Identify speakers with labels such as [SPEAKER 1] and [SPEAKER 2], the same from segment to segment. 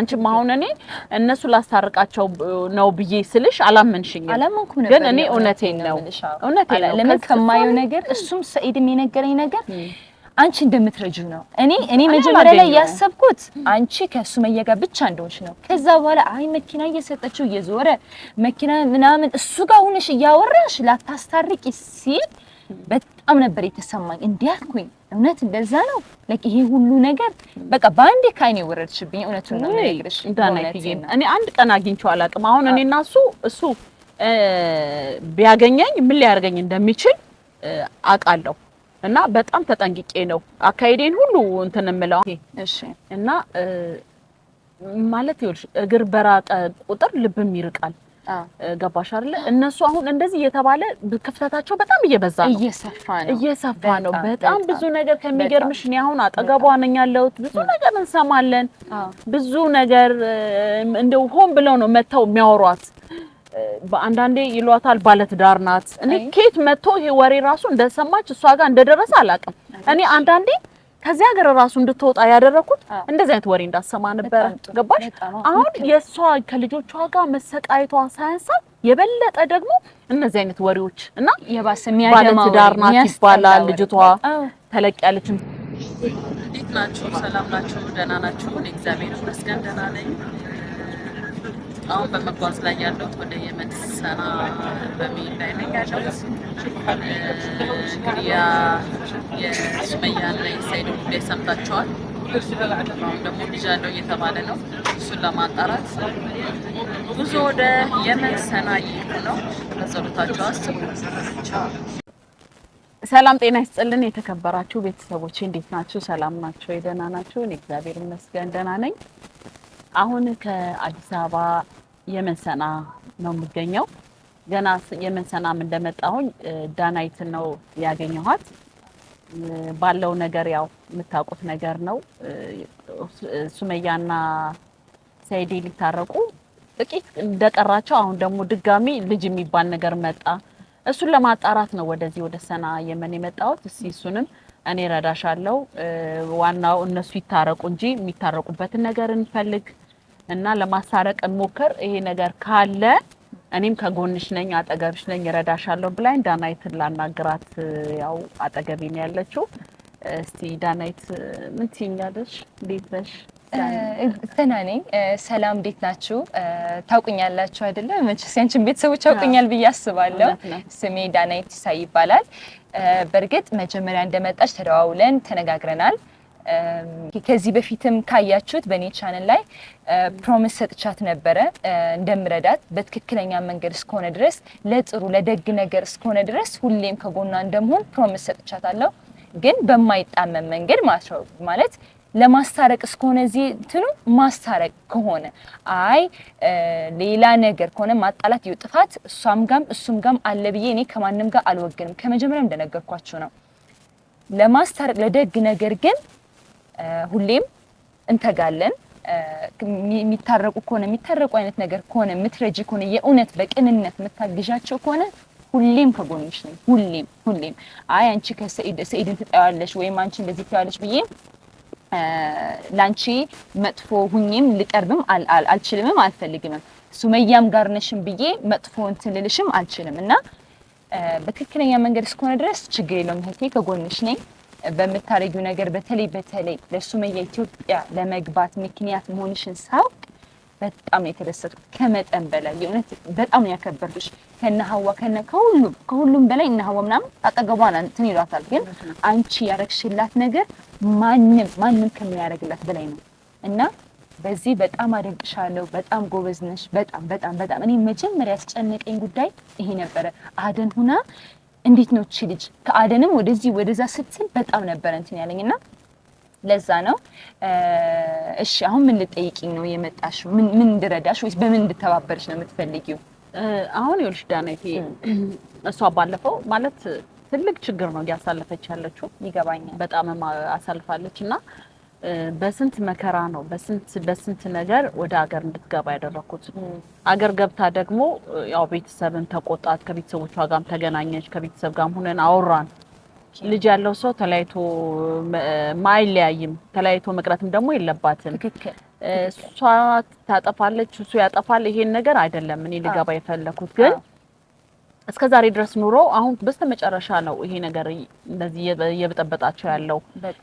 [SPEAKER 1] አንቺም አሁን እኔ እነሱ ላስታርቃቸው ነው ብዬ ስልሽ አላመንሽኝም። አላመንኩም ነበር፣ ግን እኔ እውነቴን ነው
[SPEAKER 2] እውነቴን ነው። ለምን ከማየው ነገር እሱም ሰኢድም የነገረኝ ነገር አንቺ እንደምትረጁ ነው። እኔ እኔ መጀመሪያ ላይ ያሰብኩት አንቺ ከሱ መየጋ ብቻ እንደሆንሽ ነው። ከዛ በኋላ አይ መኪና እየሰጠችው እየዞረ መኪና ምናምን እሱ ጋር ሆነሽ እያወራሽ ላታስታርቂ ሲል በጣም ነበር የተሰማኝ እንዲያልኩኝ እውነት እንደዛ ነው። ለቂ ይሄ ሁሉ ነገር በቃ በአንዴ ከአይኔ ወረድሽብኝ። እውነቱን ነው የምነግርሽ።
[SPEAKER 1] እኔ አንድ ቀን አግኝቼው አላውቅም። አሁን እኔና እሱ እሱ ቢያገኘኝ ምን ሊያደርገኝ እንደሚችል አውቃለሁ እና በጣም ተጠንቅቄ ነው አካሄዴን ሁሉ እንትን እምለው እና ማለት ይኸውልሽ እግር በራቀ ቁጥር ልብም ይርቃል። ገባሽ አይደለ? እነሱ አሁን እንደዚህ እየተባለ ክፍተታቸው በጣም እየበዛ
[SPEAKER 2] ነው፣ እየሰፋ ነው፣
[SPEAKER 1] እየሰፋ ነው። በጣም ብዙ ነገር ከሚገርምሽ፣ እኔ አሁን አጠገቧ ነኝ ያለሁት። ብዙ ነገር እንሰማለን፣ ብዙ ነገር እንደው ሆን ብለው ነው መተው የሚያወሯት። በአንዳንዴ ይሏታል ባለትዳር ናት። እኔ ኬት መጥቶ ይሄ ወሬ ራሱ እንደሰማች እሷ ጋር እንደደረሰ አላውቅም። እኔ አንዳንዴ ከዚህ ሀገር ራሱ እንድትወጣ ያደረኩት እንደዚህ አይነት ወሬ እንዳሰማ ነበር። ገባሽ? አሁን የእሷ ከልጆቿ ጋር መሰቃየቷ ሳያንሳ የበለጠ ደግሞ እነዚህ አይነት ወሬዎች
[SPEAKER 2] እና የባሰ
[SPEAKER 1] ባለትዳር ናት ይባላል። ልጅቷ ተለቅ ያለችም
[SPEAKER 3] ናቸው። ሰላም ናቸው። ደህና ናቸው። እግዚአብሔር ይመስገን ደህና ነኝ። አሁን በመጓዝ ላይ ያለው ወደ የመን ሰና በሚል ላይ ነው ያለው። እንግዲህ ላይ ሰይድ ጉዳይ ሰምታችኋል። አሁን ደግሞ ልጃለሁ እየተባለ ነው። እሱን ለማጣራት ጉዞ ወደ የመን ሰና እየሄዱ ነው። በጸሎታቸው አስቡ።
[SPEAKER 1] ሰላም ጤና ይስጥልን። የተከበራችሁ ቤተሰቦች እንዴት ናችሁ? ሰላም ናቸው? ደህና እኔ እግዚአብሔር ይመስገን ደህና ነኝ። አሁን ከአዲስ አበባ የመንሰና ነው የምገኘው። ገና የመንሰናም እንደመጣሁኝ ዳናይትን ነው ያገኘኋት። ባለው ነገር ያው የምታውቁት ነገር ነው። ሱመያና ሰይዴ ሊታረቁ ጥቂት እንደቀራቸው አሁን ደግሞ ድጋሚ ልጅ የሚባል ነገር መጣ። እሱን ለማጣራት ነው ወደዚህ ወደ ሰና የመን የመጣሁት። እስኪ እሱንም እኔ ረዳሻለው። ዋናው እነሱ ይታረቁ እንጂ የሚታረቁበትን ነገር እንፈልግ እና ለማሳረቅ እንሞክር። ይሄ ነገር ካለ እኔም ከጎንሽ ነኝ፣ አጠገብሽ ነኝ፣ እረዳሻለሁ ብላኝ ዳናይትን ላናግራት ያው አጠገቤ ነው ያለችው። እስቲ ዳናይት ምን ትይኛለሽ? እንዴት ነሽ?
[SPEAKER 4] ደህና ነኝ። ሰላም እንዴት ናችሁ? ታውቁኛላችሁ አይደለ? መቼስ ያንቺን ቤተሰቦች ያውቁኛል ብዬ አስባለሁ። ስሜ ዳናይት ሲሳይ ይባላል። በእርግጥ መጀመሪያ እንደመጣች ተደዋውለን ተነጋግረናል። ከዚህ በፊትም ካያችሁት በእኔ ቻነል ላይ ፕሮሚስ ሰጥቻት ነበረ እንደምረዳት በትክክለኛ መንገድ እስከሆነ ድረስ ለጥሩ ለደግ ነገር እስከሆነ ድረስ ሁሌም ከጎኗ እንደምሆን ፕሮሚስ አለው። ግን በማይጣመም መንገድ ማለት ለማስታረቅ እስከሆነ እዚህ እንትኑ ማስታረቅ ከሆነ አይ ሌላ ነገር ከሆነ ማጣላት ይኸው ጥፋት እሷም ጋም እሱም ጋም አለ ብዬ እኔ ከማንም ጋር አልወግንም። ከመጀመሪያ እንደነገርኳችሁ ነው። ለማስታረቅ ለደግ ነገር ግን ሁሌም እንተጋለን። የሚታረቁ ከሆነ የሚታረቁ አይነት ነገር ከሆነ የምትረጂ ከሆነ የእውነት በቅንነት የምታግዣቸው ከሆነ ሁሌም ከጎንሽ ነኝ። ሁሌም ሁሌም አይ አንቺ ከሰኢድን ትጠያለሽ ወይም አንቺ እንደዚህ ትያለሽ ብዬ ላንቺ መጥፎ ሁኜም ልቀርብም አልችልምም አልፈልግምም። ሱመያም ጋር ነሽም ብዬ መጥፎ እንትን ልልሽም አልችልም እና በትክክለኛ መንገድ እስከሆነ ድረስ ችግር የለውም እህቴ፣ ከጎንሽ ነኝ። በምታደረጊው ነገር በተለይ በተለይ ለሱመያ ኢትዮጵያ ለመግባት ምክንያት መሆንሽን ሳውቅ በጣም የተደሰቱ የተደሰትኩት፣ ከመጠን በላይ የእውነት በጣም ነው ከነሀዋ ከነ ከሁሉም ከሁሉም በላይ እነሀዋ ምናምን አጠገቧን እንትን ይሏታል፣ ግን አንቺ ያረግሽላት ነገር ማንም ማንም ከሚያደርግላት በላይ ነው እና በዚህ በጣም አደንቅሻለሁ። በጣም ጎበዝ ነሽ። በጣም በጣም በጣም እኔ መጀመሪያ ያስጨነቀኝ ጉዳይ ይሄ ነበረ። አደን ሁና እንዴት ነው እቺ ልጅ ከአደንም ወደዚህ ወደዛ ስትል በጣም ነበር እንትን ያለኝ ለዛ ነው። እሺ አሁን ምን ልጠይቅኝ ነው የመጣሽው? ምን ምን እንድረዳሽ ወይስ በምን እንድተባበርሽ ነው የምትፈልጊው?
[SPEAKER 1] አሁን ይኸውልሽ ዳናይቴ፣ እሷ ባለፈው ማለት ትልቅ ችግር ነው እያሳለፈች ያለችው ይገባኛል። በጣም አሳልፋለች እና በስንት መከራ ነው በስንት በስንት ነገር ወደ ሀገር እንድትገባ ያደረኩት። አገር ገብታ ደግሞ ያው ቤተሰብን ተቆጣት። ከቤተሰቦቿ ጋርም ተገናኘች። ከቤተሰብ ጋርም ሁነን አወራን። ልጅ ያለው ሰው ተለያይቶ ማይለያይም ተለያይቶ መቅረትም ደግሞ የለባትም። እሷ ታጠፋለች፣ እሱ ያጠፋል። ይሄን ነገር አይደለም እኔ ልገባ የፈለኩት ግን እስከ ዛሬ ድረስ ኑሮ አሁን በስተመጨረሻ ነው ይሄ ነገር እንደዚህ እየበጠበጣቸው ያለው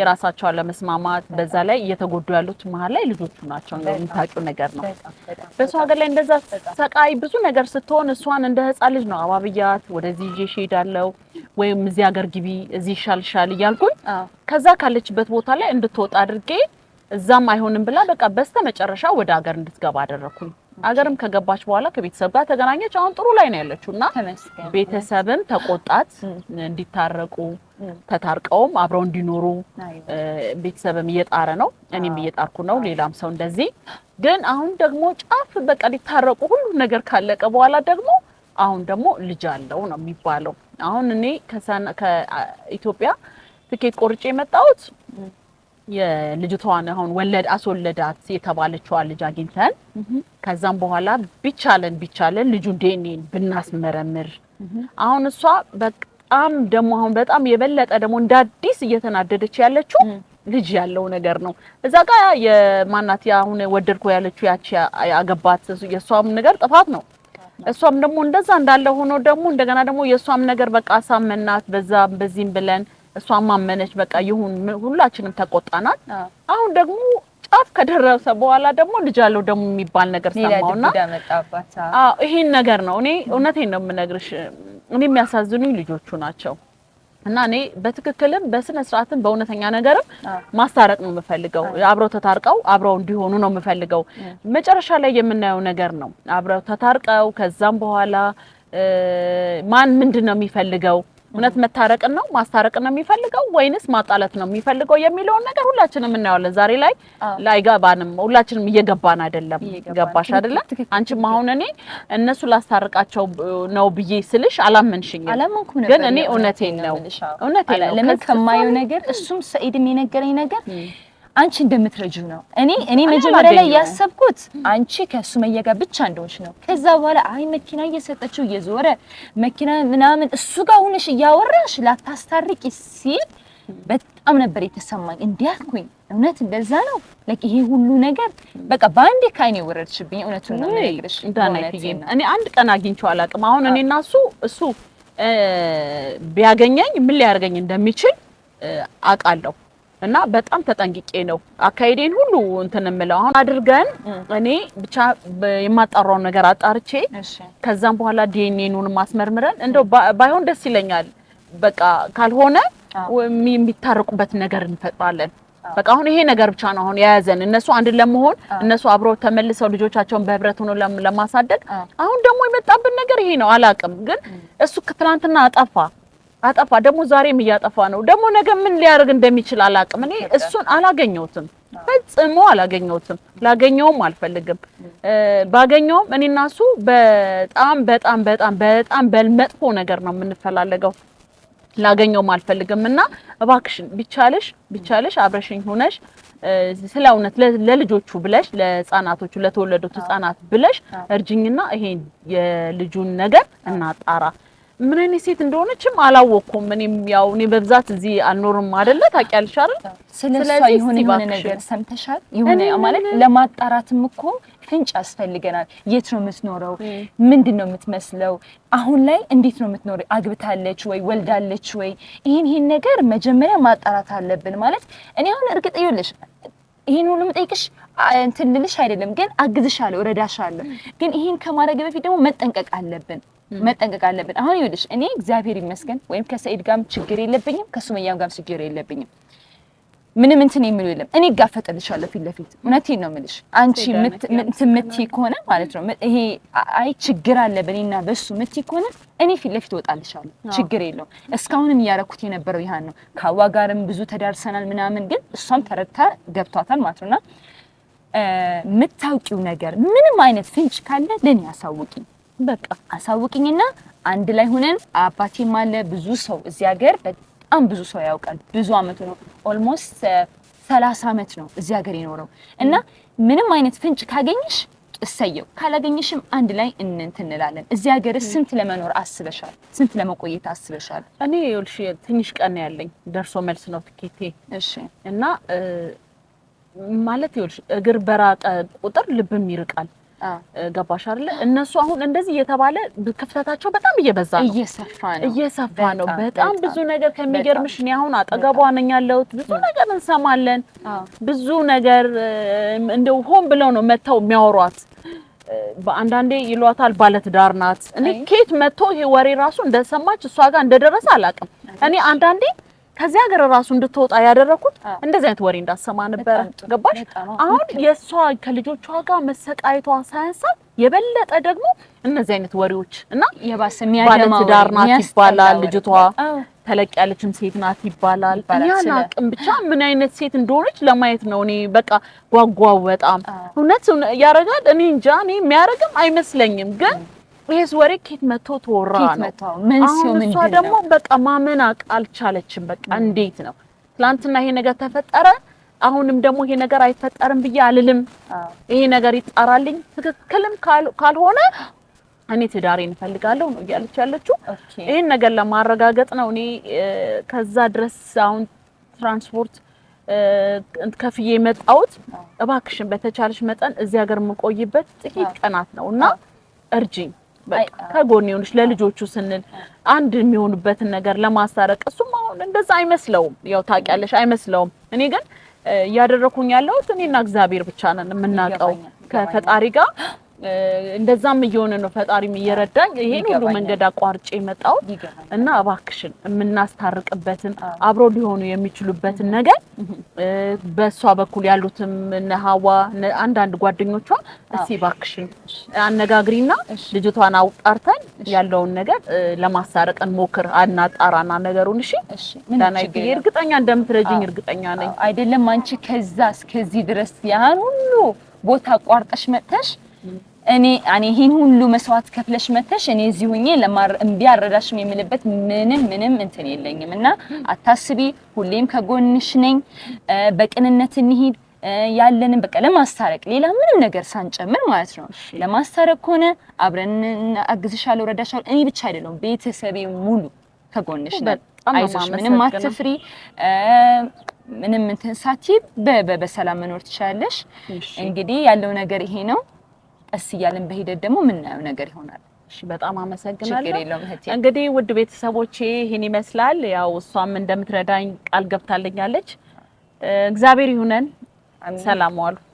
[SPEAKER 1] የራሳቸው ለመስማማት በዛ ላይ እየተጎዱ ያሉት መሀል ላይ ልጆቹ ናቸው። የምታውቂው ነገር ነው። በሰው ሀገር ላይ እንደዛ ሰቃይ ብዙ ነገር ስትሆን እሷን እንደ ሕፃን ልጅ ነው አባብያት ወደዚህ ይዤ እሄዳለሁ ወይም እዚህ ሀገር ግቢ እዚህ ይሻልሻል እያልኩኝ ከዛ ካለችበት ቦታ ላይ እንድትወጣ አድርጌ እዛም አይሆንም ብላ በቃ በስተመጨረሻ ወደ ሀገር እንድትገባ አደረግኩኝ። አገርም ከገባች በኋላ ከቤተሰብ ጋር ተገናኘች። አሁን ጥሩ ላይ ነው ያለችው እና ቤተሰብም ተቆጣት እንዲታረቁ ተታርቀውም አብረው እንዲኖሩ ቤተሰብም እየጣረ ነው፣ እኔም እየጣርኩ ነው። ሌላም ሰው እንደዚህ ግን አሁን ደግሞ ጫፍ በቃ ሊታረቁ ሁሉ ነገር ካለቀ በኋላ ደግሞ አሁን ደግሞ ልጅ አለው ነው የሚባለው። አሁን እኔ ከኢትዮጵያ ትኬት ቆርጬ የመጣሁት የልጅቷን አሁን ወለድ አስወለዳት የተባለችዋ ልጅ አግኝተን ከዛም በኋላ ቢቻለን ቢቻለን ልጁን ዴኔን ብናስመረምር አሁን እሷ በጣም ደግሞ አሁን በጣም የበለጠ ደግሞ እንደ አዲስ እየተናደደች ያለችው ልጅ ያለው ነገር ነው። እዛ ጋ የማናት አሁን ወደድኩ ያለችው ያቺ ያገባት የእሷም ነገር ጥፋት ነው። እሷም ደግሞ እንደዛ እንዳለ ሆኖ ደግሞ እንደገና ደግሞ የእሷም ነገር በቃ አሳመናት በዛ በዚህም ብለን እሷን ማመነች። በቃ ይሁን ሁላችንም ተቆጣናል። አሁን ደግሞ ጫፍ ከደረሰ በኋላ ደግሞ ልጅ አለው ደግሞ የሚባል ነገር ሰማውና ይሄን ነገር ነው። እኔ እውነቴን ነው የምነግርሽ፣ እኔ የሚያሳዝኑኝ ልጆቹ ናቸው። እና እኔ በትክክልም በስነ ስርዓትም በእውነተኛ ነገርም ማስታረቅ ነው የምፈልገው። አብረው ተታርቀው አብረው እንዲሆኑ ነው የምፈልገው። መጨረሻ ላይ የምናየው ነገር ነው። አብረው ተታርቀው ከዛም በኋላ ማን ምንድን ነው የሚፈልገው እውነት መታረቅን ነው ማስታረቅን ነው የሚፈልገው ወይንስ ማጣላት ነው የሚፈልገው የሚለውን ነገር ሁላችንም እናየዋለን። ዛሬ ላይ ላይገባንም ሁላችንም እየገባን አይደለም። ገባሽ አይደለም? አንቺም አሁን እኔ እነሱ ላስታርቃቸው ነው ብዬ ስልሽ አላመንሽኝም። ግን እኔ እውነቴን ነው
[SPEAKER 2] እውነቴን ነው ለምን ከማየው ነገር እሱም ሰኢድም የነገረኝ ነገር አንቺ እንደምትረጂው ነው። እኔ እኔ መጀመሪያ ላይ ያሰብኩት አንቺ ከሱመያ ጋር ብቻ እንደሆንሽ ነው። ከዛ በኋላ አይ መኪና እየሰጠችው እየዞረ መኪና ምናምን እሱ ጋር ሆነሽ እያወራሽ ላታስታርቂ ሲል በጣም ነበር የተሰማኝ። እንዲያልኩኝ እውነት እንደዛ ነው። ለቂ ይሄ ሁሉ ነገር በቃ በአንዴ ከአይኔ የወረድሽብኝ። እውነቱን ነው የምነግርሽ።
[SPEAKER 1] እኔ አንድ ቀን አግኝቼው አላውቅም። አሁን እኔ እና እሱ እሱ ቢያገኘኝ ምን ሊያደርገኝ እንደሚችል አውቃለሁ እና በጣም ተጠንቅቄ ነው አካሄዴን ሁሉ እንትን የምለው። አሁን አድርገን እኔ ብቻ የማጣራውን ነገር አጣርቼ ከዛም በኋላ ዲኤንኤኑን ማስመርምረን እንደው ባይሆን ደስ ይለኛል። በቃ ካልሆነ የሚታረቁበት ነገር እንፈጥራለን። በቃ አሁን ይሄ ነገር ብቻ ነው አሁን የያዘን። እነሱ አንድ ለመሆን እነሱ አብረው ተመልሰው ልጆቻቸውን በህብረት ሆኖ ለማሳደግ አሁን ደግሞ የመጣብን ነገር ይሄ ነው። አላቅም ግን እሱ ትናንትና አጠፋ አጠፋ ደግሞ ዛሬም እያጠፋ ነው። ደግሞ ነገ ምን ሊያደርግ እንደሚችል አላቅም። እኔ እሱን አላገኘሁትም፣ ፈጽሞ አላገኘሁትም። ላገኘውም አልፈልግም። ባገኘውም እኔና እሱ በጣም በጣም በጣም በጣም በመጥፎ ነገር ነው የምንፈላለገው። ላገኘውም አልፈልግም እና እባክሽን ቢቻልሽ ቢቻለሽ አብረሽኝ ሆነሽ ስለ እውነት ለልጆቹ ብለሽ ለህፃናቶቹ ለተወለዱት ህፃናት ብለሽ እርጅኝና ይሄን የልጁን ነገር እናጣራ ምን አይነት ሴት እንደሆነችም አላወቅኩም። እኔም ያው እኔ በብዛት እዚህ አልኖርም አይደለ ታውቂያለሽ አይደል?
[SPEAKER 2] ስለዚህ ይሁን የሆነ ነገር ሰምተሻል? ይሁን ማለት ለማጣራትም እኮ ፍንጭ ያስፈልገናል። የት ነው የምትኖረው? ምንድን ነው የምትመስለው? አሁን ላይ እንዴት ነው የምትኖረው? አግብታለች ወይ ወልዳለች ወይ? ይሄን ይሄን ነገር መጀመሪያ ማጣራት አለብን። ማለት እኔ አሁን እርግጥ ይኸውልሽ ይሄን ሁሉ የምጠይቅሽ እንትን ልልሽ አይደለም፣ ግን አግዝሻለሁ፣ እረዳሻለሁ። ግን ይሄን ከማድረግ በፊት ደግሞ መጠንቀቅ አለብን። መጠንቀቅ አለብን። አሁን ይኸውልሽ እኔ እግዚአብሔር ይመስገን ወይም ከሰኢድ ጋርም ችግር የለብኝም ከሱመያም ጋርም ችግር የለብኝም። ምንም እንትን የሚሉ የለም። እኔ እጋፈጥልሻለሁ ፊት ለፊት እውነቴን ነው የምልሽ። አንቺ እንትን የምትይ ከሆነ ማለት ነው ይሄ አይ ችግር አለ በእኔና በሱ የምትይ ከሆነ እኔ ፊት ለፊት እወጣልሻለሁ፣ ችግር የለውም። እስካሁንም እያረኩት የነበረው ይህን ነው። ከአዋ ጋርም ብዙ ተዳርሰናል ምናምን፣ ግን እሷም ተረድታ ገብቷታል ማለት ነውና የምታውቂው ነገር ምንም አይነት ፍንጭ ካለ ለእኔ አሳውቂኝ። በቃ አሳውቅኝና አንድ ላይ ሆነን አባቴም አለ ብዙ ሰው እዚህ ሀገር በጣም ብዙ ሰው ያውቃል። ብዙ አመቱ ነው ኦልሞስት ሰላሳ አመት ነው እዚህ ሀገር የኖረው እና ምንም አይነት ፍንጭ ካገኘሽ እሰየው፣ ካላገኘሽም አንድ ላይ እንንት እንላለን። እዚህ ሀገር ስንት ለመኖር አስበሻል? ስንት ለመቆየት አስበሻል?
[SPEAKER 1] እኔ ይኸውልሽ ትንሽ ቀን ያለኝ ደርሶ መልስ ነው ትኬቴ። እሺ እና ማለት ይኸውልሽ እግር በራቀ ቁጥር ልብም ይርቃል። ገባሽ አይደለ? እነሱ አሁን እንደዚህ እየተባለ ክፍተታቸው በጣም እየበዛ
[SPEAKER 2] ነው፣ እየሰፋ ነው፣
[SPEAKER 1] እየሰፋ ነው። በጣም ብዙ ነገር ከሚገርምሽ፣ እኔ አሁን አጠገቧ ነኝ ያለሁት። ብዙ ነገር እንሰማለን፣ ብዙ ነገር እንደው ሆን ብለው ነው መተው የሚያወሯት። በአንዳንዴ ይሏታል ባለትዳር ናት። እኔ ኬት መጥቶ ይሄ ወሬ ራሱ እንደሰማች እሷ ጋር እንደደረሰ አላውቅም። እኔ አንዳንዴ ከዚህ ሀገር ራሱ እንድትወጣ ያደረኩት እንደዚህ አይነት ወሬ እንዳሰማ ነበረ። ገባሽ? አሁን የእሷ ከልጆቿ ጋር መሰቃየቷ ሳያንሳት የበለጠ ደግሞ እነዚህ አይነት ወሬዎች
[SPEAKER 2] እና የባሰ
[SPEAKER 1] ባለትዳር ናት ይባላል፣ ልጅቷ ተለቅ ያለችም ሴት ናት ይባላል። ያናቅም ብቻ ምን አይነት ሴት እንደሆነች ለማየት ነው። እኔ በቃ ጓጓው በጣም እውነት ያረጋል። እኔ እንጃ፣ እኔ የሚያረግም አይመስለኝም ግን ይሄስ ወሬ ኬት መቶ ተወራ ነው። አሁን እሷ ደግሞ በቃ ማመን አልቻለችም። በቃ እንዴት ነው ትናንትና ይሄ ነገር ተፈጠረ፣ አሁንም ደግሞ ይሄ ነገር አይፈጠርም ብዬ አልልም። ይሄ ነገር ይጣራልኝ፣ ትክክልም ካልሆነ እኔ ትዳሬን እፈልጋለሁ ነው እያለች ያለችው። ነገር ለማረጋገጥ ነው እኔ ከዛ ድረስ አሁን ትራንስፖርት ከፍዬ የመጣሁት። እባክሽን በተቻለሽ መጠን እዚህ ሀገር የምቆይበት ጥቂት ቀናት ነው እና እርጅኝ ከጎን ይሁንሽ ለልጆቹ ስንል አንድ የሚሆኑበትን ነገር ለማስታረቅ እሱም አሁን እንደዛ አይመስለውም። ያው ታውቂያለሽ፣ አይመስለውም። እኔ ግን እያደረኩኝ ያለሁት እኔና እግዚአብሔር ብቻ ነን የምናውቀው ከፈጣሪ ጋር እንደዛም እየሆነ ነው። ፈጣሪም እየረዳኝ ይሄን ሁሉ መንገድ አቋርጬ መጣው እና እባክሽን የምናስታርቅበትን አብሮ ሊሆኑ የሚችሉበትን ነገር በእሷ በኩል ያሉትም እነ ሀዋ አንዳንድ ጓደኞቿ እስኪ እባክሽን አነጋግሪና ልጅቷን አውጣርተን ያለውን ነገር ለማሳረቅ እንሞክር፣ አናጣራና ነገሩን። እሺ ዳናይ እርግጠኛ እንደምትረጅኝ እርግጠኛ ነኝ።
[SPEAKER 2] አይደለም አንቺ ከዛ እስከዚህ ድረስ ያህል ሁሉ ቦታ አቋርጠሽ መጥተሽ እኔ አኔ ይሄን ሁሉ መስዋዕት ከፍለሽ መተሽ እኔ እዚህ ሁኜ ለማር እምቢ አረዳሽም የምልበት ምንም ምንም እንትን የለኝም እና አታስቢ፣ ሁሌም ከጎንሽ ነኝ። በቅንነት እንሂድ ያለንን በቃ ለማስታረቅ ሌላ ምንም ነገር ሳንጨምር ማለት ነው። ለማስታረቅ ከሆነ አብረን አግዝሻለሁ፣ ረዳሻለሁ። እኔ ብቻ አይደለም ቤተሰቤ ሙሉ ከጎንሽ ነው። አይዞሽ፣ ምንም አትፍሪ። ምንም እንትን ሳትይ በሰላም መኖር ትችላለሽ። እንግዲህ ያለው ነገር ይሄ ነው። ቀስ እያለን በሂደት ደግሞ የምናየው ነገር ይሆናል። በጣም አመሰግናለሁ።
[SPEAKER 1] እንግዲህ ውድ ቤተሰቦቼ ይህን ይመስላል። ያው እሷም እንደምትረዳኝ ቃል ገብታለኛለች። እግዚአብሔር ይሁነን። ሰላም ዋሉ።